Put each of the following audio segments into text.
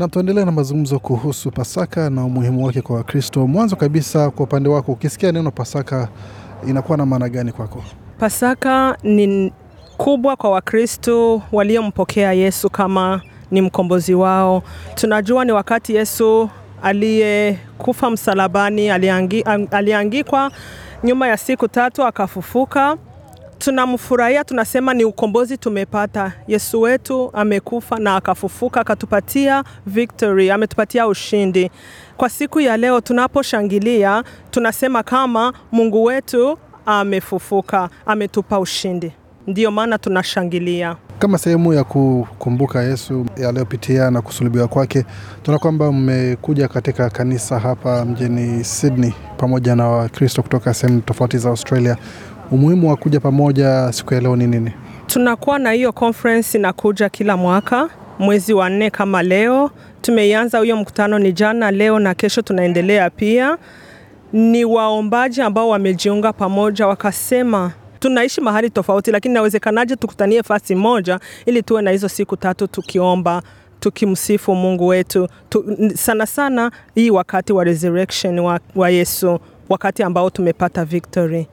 Na tuendelee na mazungumzo kuhusu Pasaka na umuhimu wake kwa Wakristo. Mwanzo kabisa, kwa upande wako, ukisikia neno Pasaka inakuwa na maana gani kwako? Pasaka ni kubwa kwa Wakristo waliompokea Yesu kama ni mkombozi wao. Tunajua ni wakati Yesu aliyekufa msalabani, aliangikwa, nyuma ya siku tatu akafufuka tunamfurahia, tunasema ni ukombozi tumepata. Yesu wetu amekufa na akafufuka, akatupatia victory, ametupatia ushindi. Kwa siku ya leo tunaposhangilia, tunasema kama Mungu wetu amefufuka, ametupa ushindi. Ndiyo maana tunashangilia kama sehemu ya kukumbuka Yesu aliyopitia na kusulubiwa kwake. Tuna kwamba mmekuja katika kanisa hapa mjini Sydney pamoja na Wakristo kutoka sehemu tofauti za Australia umuhimu wa kuja pamoja siku ya leo ni nini? Tunakuwa na hiyo conference inakuja kila mwaka mwezi wa nne kama leo. Tumeianza huyo mkutano ni jana, leo na kesho tunaendelea pia. Ni waombaji ambao wamejiunga pamoja wakasema tunaishi mahali tofauti, lakini nawezekanaje tukutanie fasi moja ili tuwe na hizo siku tatu tukiomba tukimsifu Mungu wetu tu, sana sana hii wakati wa resurrection wa, wa Yesu, wakati ambao tumepata victory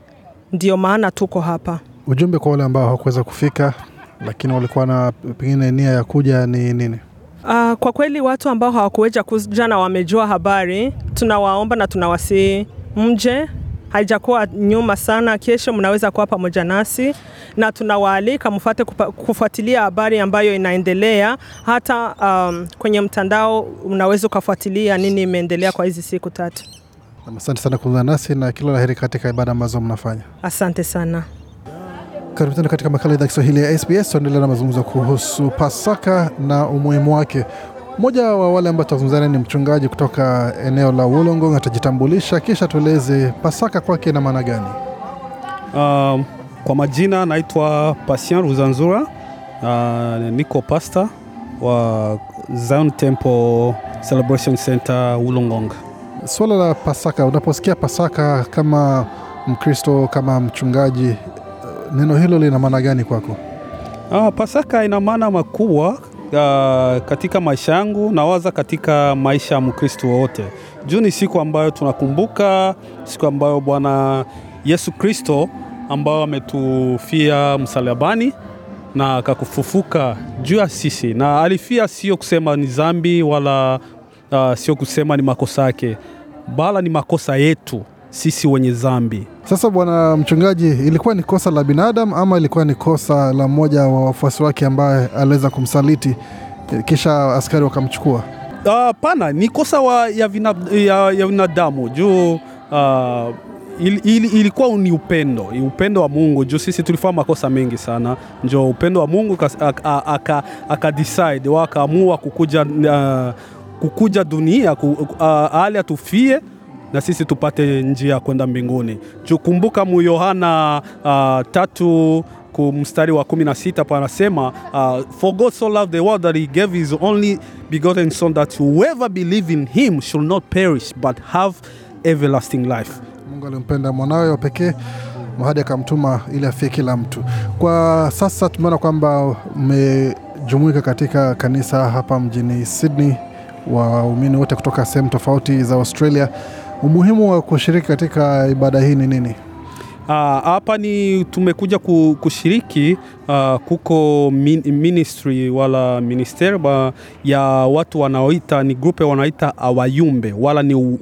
ndio maana tuko hapa. Ujumbe kwa wale ambao hawakuweza kufika, lakini walikuwa na pengine nia ya kuja ni nini? Uh, kwa kweli watu ambao hawakuweza kuja na wamejua habari, tunawaomba na tunawasihi mje, haijakuwa nyuma sana. Kesho mnaweza kuwa pamoja nasi, na tunawaalika mfate kufuatilia habari ambayo inaendelea. Hata um, kwenye mtandao unaweza ukafuatilia nini imeendelea kwa hizi siku tatu. Asante sana kuungana nasi na kila la heri katika ibada ambazo mnafanya. Asante sana. Karibu tena katika makala idhaa Kiswahili ya SBS. Tuendelea na mazungumzo kuhusu Pasaka na umuhimu wake. Mmoja wa wale ambao tutazungumzana ni mchungaji kutoka eneo la Wollongong. Atajitambulisha kisha tueleze Pasaka kwake na maana gani. Um, kwa majina naitwa pasien Ruzanzura. Uh, niko pasta wa Zion Temple Celebration Center Wollongong. Swala la Pasaka, unaposikia Pasaka kama Mkristo, kama mchungaji, eh, neno hilo lina maana gani kwako? Ah, Pasaka ina maana makubwa Uh, katika maisha yangu nawaza katika maisha ya Mkristo wote. Juu ni siku ambayo tunakumbuka siku ambayo Bwana Yesu Kristo ambayo ametufia msalabani na akakufufuka juu ya sisi, na alifia sio kusema ni dhambi wala uh, sio kusema ni makosa yake, bala ni makosa yetu sisi wenye dhambi. Sasa bwana mchungaji, ilikuwa ni kosa la binadamu ama ilikuwa ni kosa la mmoja wa wafuasi wake ambaye aliweza kumsaliti eh, kisha askari wakamchukua? Hapana, ah, uh, ni kosa wa ya binadamu juu uh, il, il, ilikuwa ni upendo, upendo wa Mungu juu sisi tulifanya makosa mengi sana, njo upendo wa Mungu aka, aka, aka decide wakaamua kukuja uh, kukuja dunia ku, hali atufie na sisi tupate njia ya kwenda mbinguni. Chukumbuka mu Yohana uh, tatu mstari wa 16 panasema uh, for God so loved the world that he gave his only begotten son that whoever believe in him shall not perish but have everlasting life. Mungu alimpenda mwanawe wa pekee mahadi akamtuma ili afie kila mtu. Kwa sasa tumeona kwamba mmejumuika katika kanisa hapa mjini Sydney waumini wote kutoka sehemu tofauti za Australia. Umuhimu wa kushiriki katika ibada hii ni nini? Ah, hapa uh, ni tumekuja kushiriki uh, kuko min, ministry wala ba, ya watu wanaoita ni grupe wanaoita awayumbe wala ni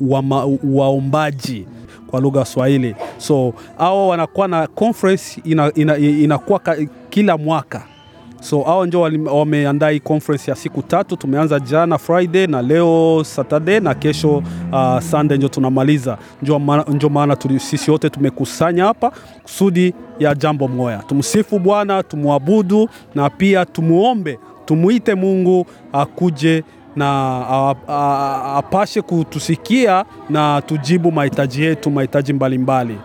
waombaji kwa lugha ya Swahili. So hao wanakuwa na conference inakuwa ina, ina kila mwaka So hao ndio wameandaa hii conference ya siku tatu. Tumeanza jana Friday na leo Saturday na kesho uh, Sunday ndio tunamaliza. Ndio maana sisi wote tumekusanya hapa kusudi ya jambo moya tumsifu Bwana, tumwabudu na pia tumuombe, tumuite Mungu akuje na apashe kutusikia na tujibu mahitaji yetu, mahitaji mbalimbali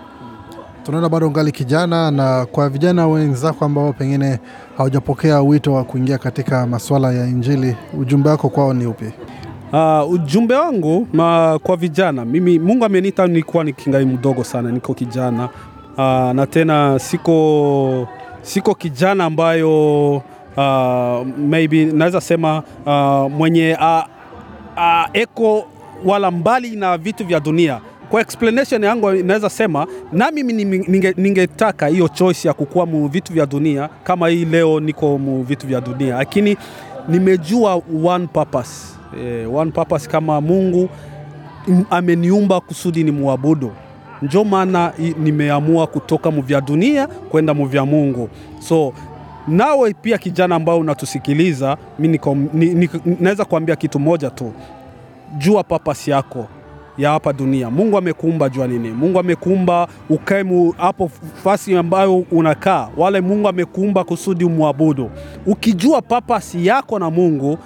tunaona bado ngali kijana, na kwa vijana wenzako ambao pengine hawajapokea wito wa kuingia katika masuala ya Injili, ujumbe wako kwao ni upi? Uh, ujumbe wangu ma, kwa vijana, mimi Mungu ameniita ni nikingai mdogo sana, niko kijana uh, na tena siko, siko kijana ambayo uh, maybe naweza sema uh, mwenye uh, uh, eko wala mbali na vitu vya dunia kwa explanation yangu naweza sema na mimi ningetaka ninge hiyo choice ya kukua mu vitu vya dunia kama hii leo niko mu vitu vya dunia, lakini nimejua one purpose. Eh, one purpose kama Mungu mm, ameniumba kusudi ni muabudu njo maana nimeamua kutoka muvya dunia kwenda muvya Mungu. So nawe pia kijana ambao unatusikiliza, mi naweza kuambia kitu moja tu, jua papasi yako ya hapa dunia. Mungu amekuumba jua nini? Mungu amekuumba ukae hapo fasi ambayo unakaa, wale Mungu amekuumba kusudi umwabudu. Ukijua papasi yako na Mungu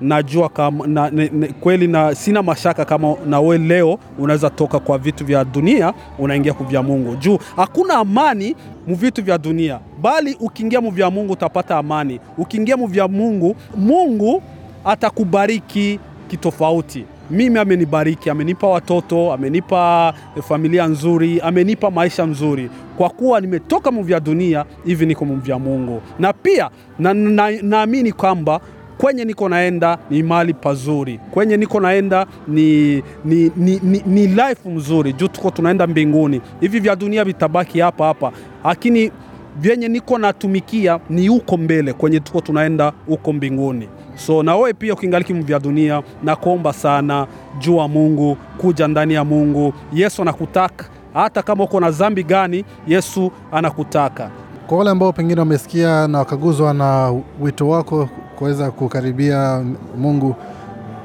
najua kama, na, ne, ne, kweli na sina mashaka kama nawe leo unaweza toka kwa vitu vya dunia unaingia kuvya Mungu, juu hakuna amani mu vitu vya dunia, bali ukiingia mu vya Mungu utapata amani. Ukiingia mu vya Mungu, Mungu atakubariki kitofauti mimi amenibariki, amenipa watoto, amenipa eh, familia nzuri, amenipa maisha nzuri kwa kuwa nimetoka mvya dunia hivi niko mvya Mungu, na pia naamini na, na kwamba kwenye niko naenda ni mali pazuri, kwenye niko naenda ni, ni, ni, ni, ni life mzuri juu tuko tunaenda mbinguni. Hivi vya dunia vitabaki hapa hapa, lakini vyenye niko natumikia ni huko mbele kwenye tuko tunaenda huko mbinguni. So na wewe pia ukiingaliki mvya dunia, na kuomba sana, jua Mungu, kuja ndani ya Mungu. Yesu anakutaka hata kama uko na dhambi gani, Yesu anakutaka. Kwa wale ambao pengine wamesikia na wakaguzwa na wito wako kuweza kukaribia Mungu,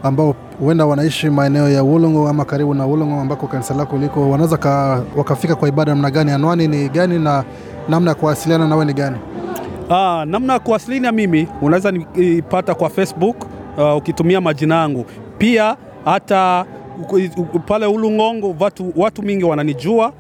ambao huenda wanaishi maeneo ya Ulongo ama karibu na wolongo ambako kanisa lako liko, wanaweza wakafika kwa ibada namna gani? Anwani ni gani na namna ya kuwasiliana nawe ni gani? Ah, namna ya kuwasiliana mimi unaweza nipata kwa Facebook uh, ukitumia majina yangu pia hata pale Ulungongo watu, watu mingi wananijua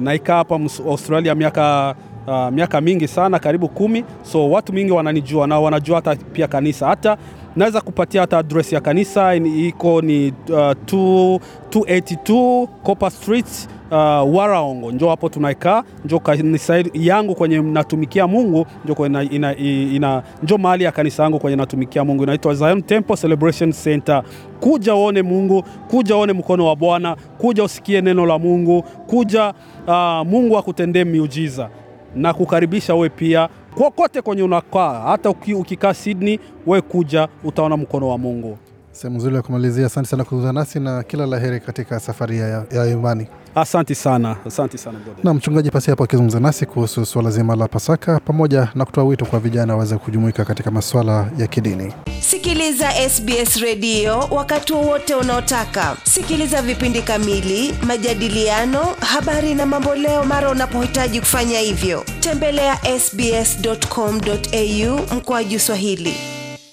naikaa hapa Australia miaka uh, miaka mingi sana karibu kumi, so watu mingi wananijua na wanajua hata pia kanisa hata Naweza kupatia hata address ya kanisa iko ni uh, 282 Copper Street Uh, Waraongo njo hapo tunaikaa, njo kanisa yangu kwenye natumikia Mungu njo, ina, ina, ina, njo mahali ya kanisa yangu kwenye natumikia Mungu inaitwa Zion Temple Celebration Center. Kuja uone Mungu, kuja uone mkono wa Bwana, kuja usikie neno la Mungu, kuja uh, Mungu akutendee miujiza na kukaribisha wewe pia kokote kwenye unakaa, hata ukikaa Sydney, we kuja utaona mkono wa Mungu sehemu nzuri ya kumalizia. Asante sana kuzungumza nasi na kila laheri katika safari ya, ya imani. Asante sana, asante sana brother. Na mchungaji pasi hapo akizungumza nasi kuhusu suala zima la Pasaka pamoja na kutoa wito kwa vijana waweze kujumuika katika masuala ya kidini. Sikiliza SBS redio wakati wowote unaotaka. Sikiliza vipindi kamili, majadiliano, habari na mambo leo mara unapohitaji kufanya hivyo. Tembelea sbs.com.au mkoaju Swahili.